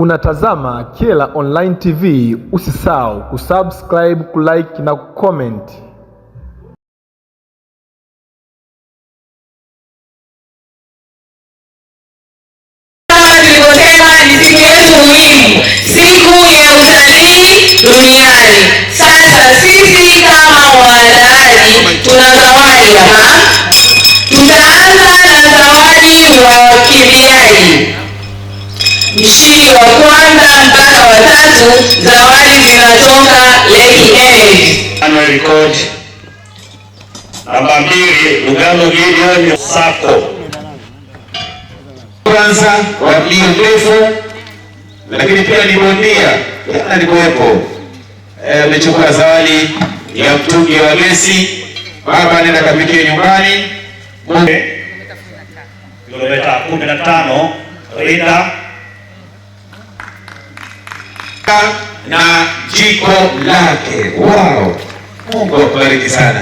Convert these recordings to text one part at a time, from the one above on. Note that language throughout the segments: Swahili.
Unatazama Kyela Online TV, usisahau kusubscribe, kulike na kucomment. Nilivyosema ni siku yetu muhimu, siku ya utalii duniani. Sasa sisi kama waandaaji tuna zawadi hapa. Tutaanza na zawadi wa wakimbiaji wa kwanza mpaka watatu zawadi zinatoka Lady A. namba mbili Lugano Gideon Sako kwanza wa mlio mrefu, lakini pia ni bondia alikuwepo, eh, amechukua zawadi ya mtungi wa gesi. Baba anaenda kapikie nyumbani, kilometa kumi kilomita 15 Rida na jiko lake. Wow, Mungu akubariki sana.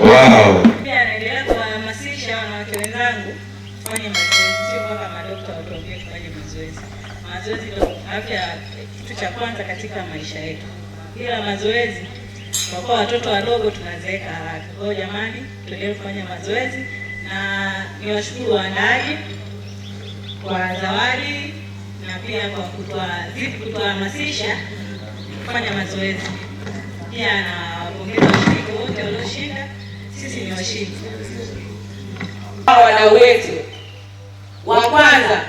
Wow, kuwahamasisha wanawake wenzangu kitu cha kwanza katika maisha yetu. Bila mazoezi kwa kuwa watoto wadogo tunazeeka haraka. Kwa hiyo jamani, tuendelee kufanya mazoezi, na niwashukuru waandaaji kwa zawadi na pia kwa kutuazidi kutuhamasisha kufanya mazoezi. Pia anawapongeza washiriki wote walioshinda, sisi ni washindi. Wadau wetu wa kwanza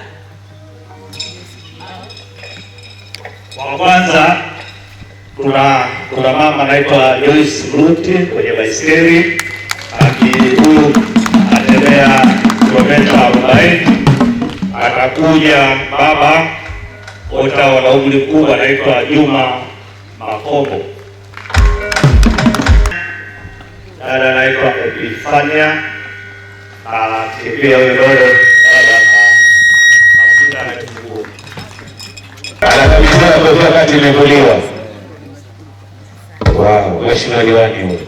wa kwanza kuna kuna mama anaitwa Joyce Mruti kwenye baisikeli aki huyu anatembea kilomita arobaini atakuja baba ota wana umri mkubwa, anaitwa Juma Makombo, dada anaitwa Epifania atembea Ulolo anakabidhiwa imevuliwa. Mheshimiwa diwani huyo,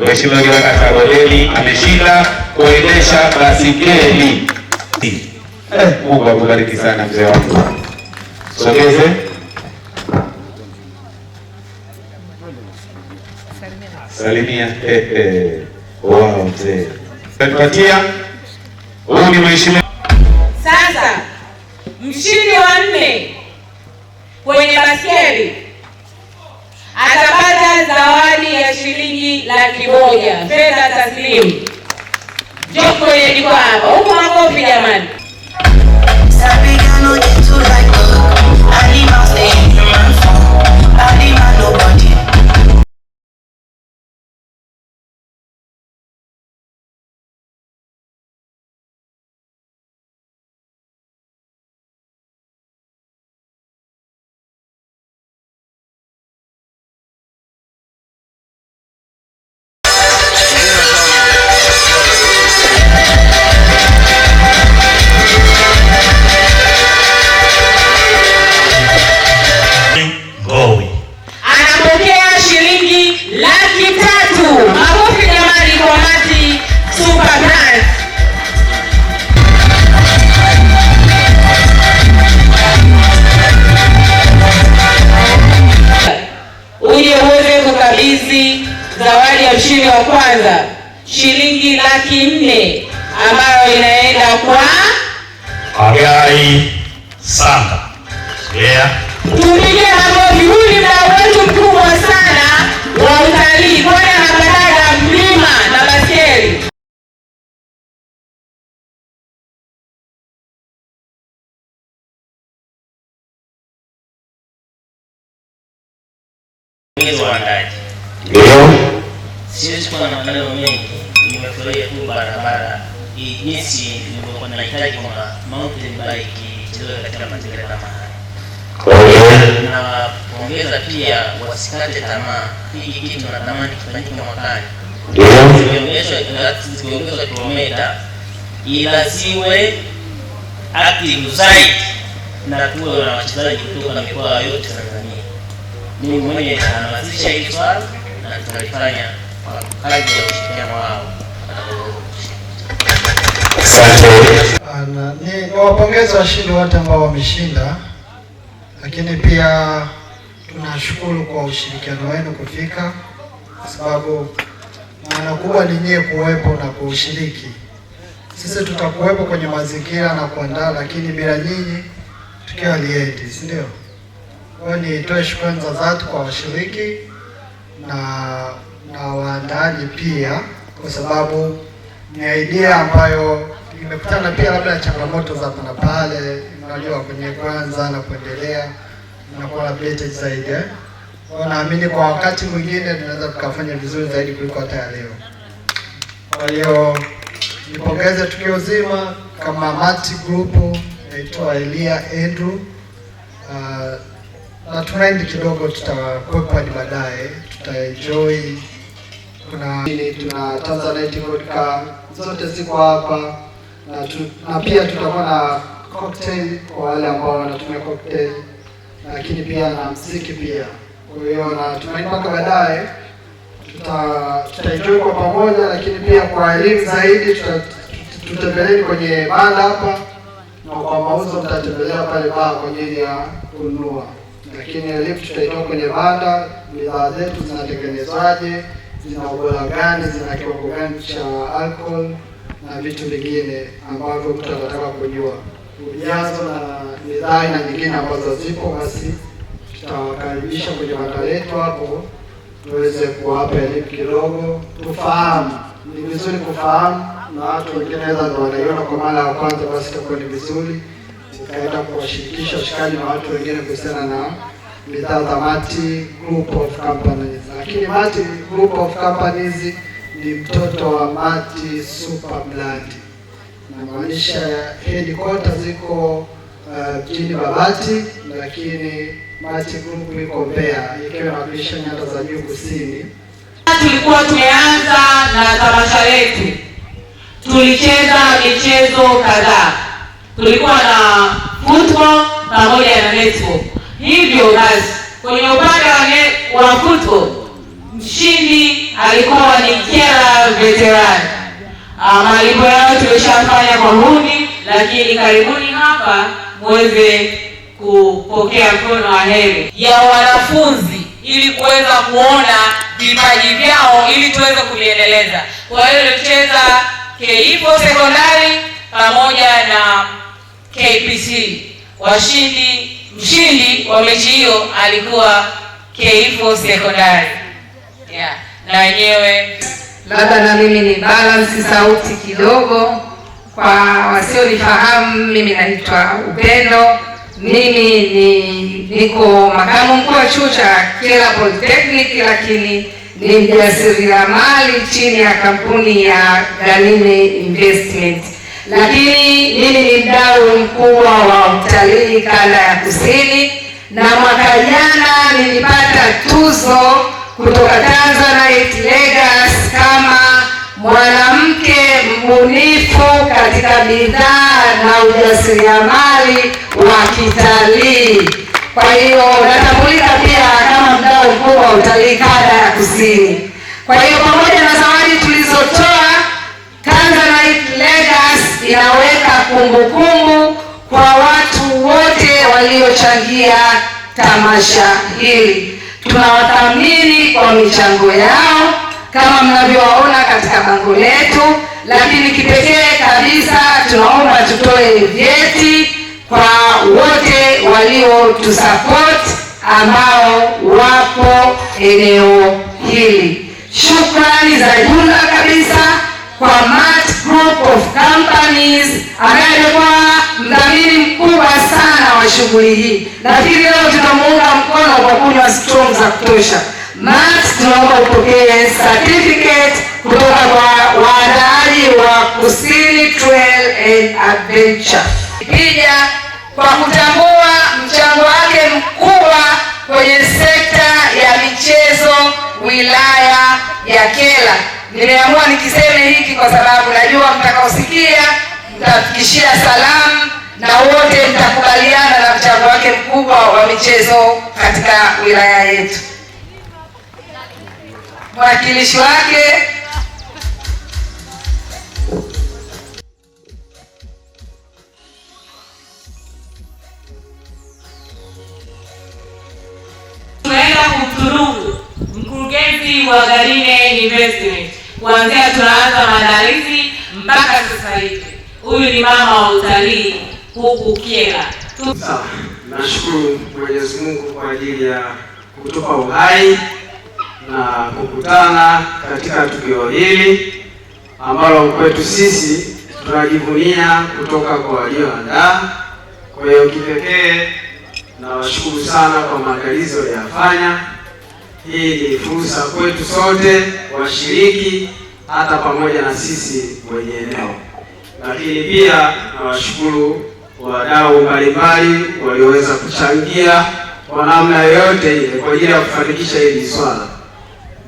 Mheshimiwa diwani Kagodeli ameshinda kuendesha basikeli. Eh, Mungu akubariki sana mzee wangu. Sogeze. Salimia. Eh, eh. Wow, mzee. Tupatia. Huyu ni mheshimiwa. Sasa mshindi wa nne kwenye baskeli atapata zawadi ya shilingi laki moja fedha taslimu. Njoo kwenye jukwaa hapo. Huko makofi jamani. zawadi ya mshindi wa kwanza shilingi laki nne ambayo inaenda kwa agai Sanga. Yeah. Tupige makofi, huyu ni mdau wetu mkubwa sana wa utalii Kwaya na Kagara, mlima na baskeli. Ndio siwezi kuwa na maneno mengi. Nimefurahia tu barabara hii jinsi nilivyokuwa nahitaji kwamba mountain bike ichelewe katika mazingira kama haya. Nawapongeza pia, wasikate tamaa. Hiki kitu natamani kifanyike mwakani, zikiongezwa kilomita ila siwe active zaidi na tuwe na wachezaji kutoka mikoa yote Tanzania. Mimi mwenyewe anaanzisha hili swala na tutalifanya ni niwapongeze washindi wote ambao wameshinda, lakini pia tunashukuru kwa ushirikiano wenu kufika, kwa sababu maana kubwa ni nyie kuwepo na kushiriki. Sisi tutakuwepo kwenye mazingira na kuandaa, lakini bila nyinyi tukiwa liendi si ndio? Kwa hiyo nitoe shukrani za dhati kwa washiriki na na waandaaji pia, kwa sababu ni idea ambayo imekutana pia labda changamoto za hapa na pale, unajua kwenye kwanza na kuendelea na kuwa zaidi eh. Kwa naamini kwa wakati mwingine tunaweza tukafanya vizuri zaidi kuliko hata ya leo. Kwa hiyo nipongeze tukio zima kama Mati Group, naitwa Elia Andrew. Uh, natumaini kidogo tutakuwepo hadi baadaye, tutaenjoy tuna tuna Tanzanite vodka zote ziko hapa na, tu, na pia tutakuwa na cocktail kwa wale ambao wanatumia cocktail, lakini pia na mziki pia. Kwa hiyo natumaini mpaka baadaye tutaenjoy kwa pamoja, lakini pia kwa elimu zaidi tutembeleni kwenye banda hapa, na kwa mauzo mtatembelea pale baa kwa ajili ya kununua, lakini elimu tutaitoa kwenye banda, bidhaa zetu zinatengenezwaje zina ubora gani, zina kiwango gani cha alcohol na vitu vingine ambavyo mtu anataka kujua ujazo na bidhaa na nyingine ambazo zipo, basi tutawakaribisha kwenye banda letu hapo tuweze kuwapa elimu kidogo, tufahamu. Ni vizuri kufahamu, na watu wengine naweza ndo wanaiona kwa mara ya kwanza, basi itakuwa ni vizuri tukaenda kuwashirikisha washikaji na watu wengine kuhusiana na bidhaa za Mati Group of Companies, lakini Mati Group of Companies ni mtoto wa Mati Super Blood, namaanisha headquarters ziko uh, mjini uh, Babati, lakini Mati Group iko Mbeya, ikiwa inawakilisha nyanda za juu kusini. Tulikuwa tumeanza na tamasha letu, tulicheza michezo kadhaa, tulikuwa na football pamoja na netball Hivyo basi kwenye upande wa futo, mshindi alikuwa ni kila veteran ah, Malipo yao tumeshafanya kwa hundi, lakini karibuni hapa mweze kupokea mkono wa heri ya wanafunzi ili kuweza kuona vipaji vyao ili tuweze kuviendeleza. Kwa hiyo tulicheza KIPO sekondari pamoja na KPC washindi Mshindi wa mechi hiyo alikuwa Keifo Sekondari yeah. Na wenyewe labda na mimi ni balance sauti kidogo, kwa wasionifahamu, mimi naitwa Upendo. Mimi ni niko makamu mkuu wa chuo cha Kyela Polytechnic, lakini ni mjasiriamali chini ya kampuni ya Galine Investment lakini mimi ni mdau mkubwa wa utalii kanda ya Kusini, na mwaka jana nilipata tuzo kutoka Tanzanite Legas kama mwanamke mbunifu katika bidhaa na ujasiriamali wa kitalii. Kwa hiyo natambulika pia kama mdau mkubwa wa utalii kanda ya Kusini. Kwa hiyo kumbukumbu kwa watu wote waliochangia tamasha hili. Tunawathamini kwa michango yao kama mnavyowaona katika bango letu, lakini kipekee kabisa tunaomba tutoe vyeti kwa wote waliotusupport ambao wapo eneo hili. Shukrani za jumla kabisa kwa Group of Companies ambaye alikuwa mdhamini mkubwa sana wa shughuli hii. Nafikiri leo tunamuunga mkono kwa kunywa strong za kutosha. Max, tunaomba upokee certificate kutoka kwa waandaaji wa Kusini Trail and Adventure Pia kwa kutambua mchango wake mkubwa kwenye sekta ya michezo wilaya ya Kyela. Nimeamua nikiseme hiki kwa sababu najua mtakaosikia mtafikishia salamu na wote mtakubaliana na mchango wake mkubwa wa michezo katika wilaya yetu. Mwakilishi wake mkurugenzi wa Garine Investment kuanzia tunaanza maandalizi mpaka sasa hivi. Huyu ni mama wa utalii huku Kyela. Sawa, nashukuru Mwenyezi Mungu kwa ajili ya kutupa uhai na kukutana katika tukio hili ambalo kwetu sisi tunajivunia kutoka kwa walioandaa. Kwa hiyo kipekee nawashukuru sana kwa maandalizi waliyofanya hii ni fursa kwetu sote washiriki, hata pamoja na sisi wenye eneo, lakini pia nawashukuru wadau mbalimbali walioweza kuchangia kwa namna yoyote ile kwa ajili ya kufanikisha hili swala.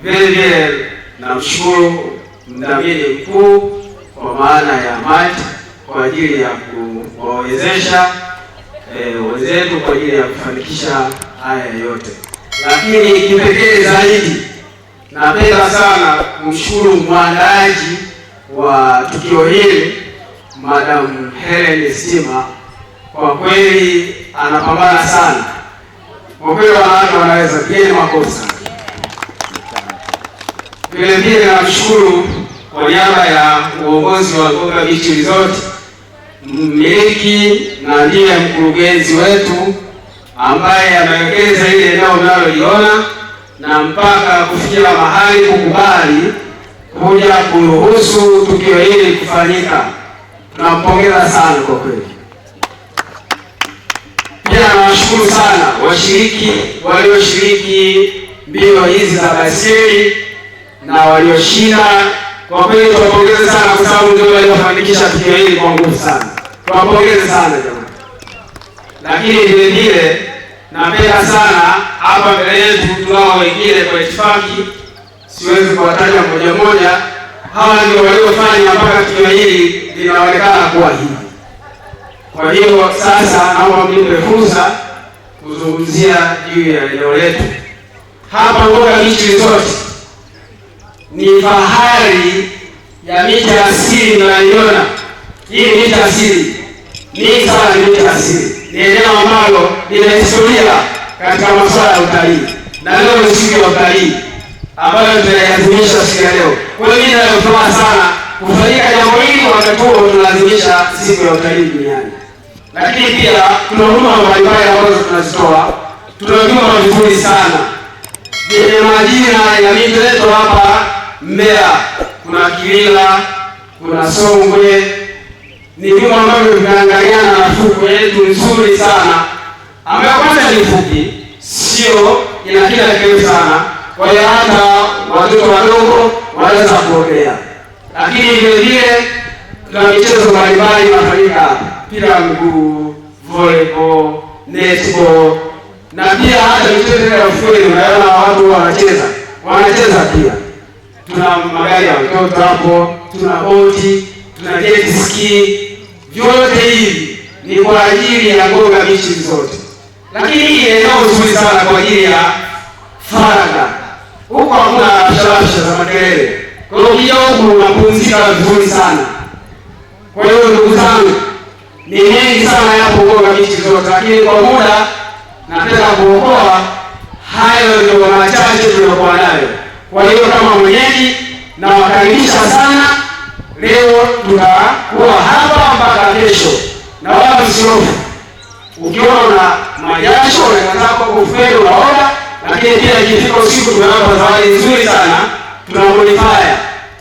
Vile vile namshukuru mdhamini mkuu kwa maana ya MAT kwa ajili ya kuwawezesha eh, wenzetu kwa ajili ya kufanikisha haya yote lakini kipekee zaidi napenda sana kumshukuru mwandaji wa tukio hili Madam Helen Sima, kwa kweli anapambana sana. Kwa kweli wanawake wanaweza bila makosa. Vile vile namshukuru kwa niaba ya uongozi wa Goga Beach Resort, mmiliki na ndiye mkurugenzi wetu ambaye amewekeza ile eneo unaloliona na mpaka kufikia mahali kukubali kuja kuruhusu tukio hili kufanyika. Tunampongeza sana kwa kweli. Pia nawashukuru sana washiriki walioshiriki mbio hizi za baiskeli na walioshinda. Kwa kweli tuwapongeze sana kwa sababu ndio waliofanikisha tukio hili kwa nguvu sana. Tuwapongeze sana jamani, lakini vile vile Napenda sana hapa mbele yetu tunao wengine kwa itifaki, siwezi kuwataja moja moja. Hawa ndio waliofanya mpaka tukio hili linaonekana kuwa hivi. Kwa hiyo sasa, naomba mnipe fursa kuzungumzia juu ya eneo letu hapa Mboga Beach Resort. Ni fahari ya miti asili mnayoiona hii. Miti asili ni sana, miti asili ni eneo ambalo lina historia katika masuala ya utalii, na leo ni siku ya utalii ambayo tunaadhimisha siku ya leo. Kwa hiyo mimi nina sana kufanyika jambo hili wakati huo tunaadhimisha siku ya utalii duniani. Lakini pia kuna huduma mbalimbali ambazo tunazitoa, tuna vizuri sana vyenye majina ya mito yetu hapa Mbeya, kuna Kilila, kuna Songwe ni vyuma ambavyo vinaangaliana na fuko yetu nzuri sana, ambayo kwanza ni fupi, sio ina kila kitu sana, kwa hiyo hata watoto wadogo wanaweza kuogea. Lakini vile vile tuna michezo mbalimbali inafanyika pila mpira wa mguu, volleyball, netball na pia hata michezo ya ufueni, unaona watu wanacheza wanacheza pia. Tuna magari ya mtoto hapo, tuna boti na jetski, vyote hivi ni kwa ajili ya mboga bichi zote, lakini hii eneo nzuri sana kwa ajili ya faragha. Huko hakuna sharasha za makelele, kwa hiyo ukija huku unapumzika vizuri sana. Kwa hiyo ndugu zangu, ni mengi sana yapo mboga bichi zote, lakini kwa muda napenda kuokoa hayo, ndio machache tuliyokuwa nayo. Kwa hiyo kama mwenyeji nawakaribisha sana Leo tunakuwa hapa mpaka kesho, na wala msihofu. Ukiona una majasho unakaza kwa kufeli, unaona lakini pia ikifika usiku, tumewapa zawadi nzuri sana, tuna modifier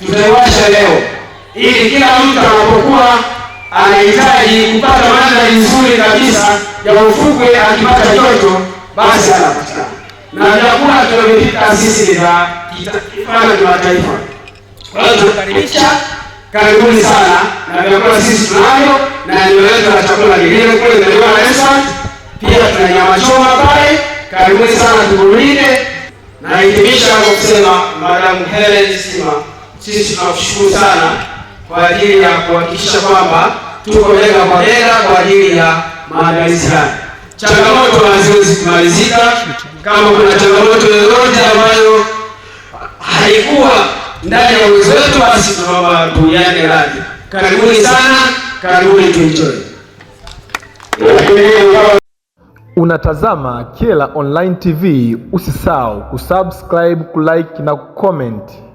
tutaiwasha leo, ili kila mtu anapokuwa anahitaji kupata mandhari nzuri kabisa ya ufukwe, akipata joto basi anapatikana na vyakula tunavyopika sisi ni vya kimataifa. Kwa hiyo tunakaribisha Karibuni sana na vyakula sisi tunavyo, na eneo letu la chakula vilivyo kule Meliwa Restaurant, pia tuna nyama choma pale. Karibuni sana tuburudike. Nahitimisha kwa kusema Madamu Helen Sima, sisi tunakushukuru sana kwa ajili ya kuhakikisha kwamba tuko bega kwa bega kwa ajili ya maandalizi haya. Changamoto haziwezi kumalizika. Kama kuna changamoto yoyote ambayo haikuwa ndani ya uwezo wetu, basi tunaomba tuiane radi. Karibuni sana, karibuni tuenjoy. Unatazama Kyela Online TV, usisahau kusubscribe, kulike na kucomment.